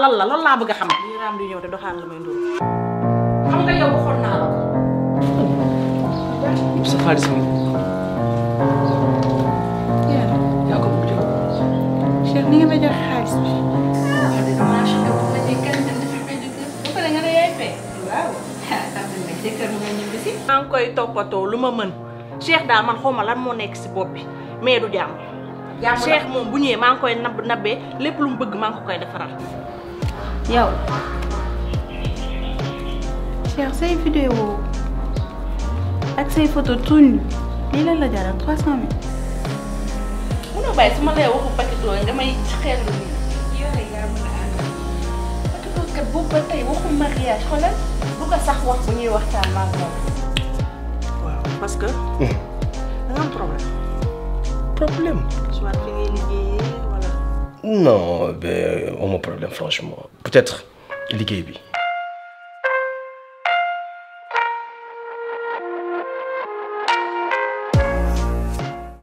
la la la lan bëgg xam. li ram di ñëw te doxaan la may ndur xam nga yow waxoon na la ko. sa xaalis mi. ko bëgg Cheikh ni nga jox bi. koy Cheikh man xaw lan mo nek ci bop bi mais du jàmm. yaa Cheikh moom bu ñëwee maa ngi koy nab nabbee lépp lu mu bëgg maa ngi ko koy defaral. yow Cheikh say vidéo ak say photo tuuti lii lan la jaral trois cent mille. munoo bàyyi su ma lay waxu paketoo nga may xel lu nii. yow kat boobu ba tey waxu mariage xoolal bu ko sax wax bu ñuy waxtaan maa ngi waaw problème. Tu vas te liggéey non ben un oh, problème franchement. peut-être ligué,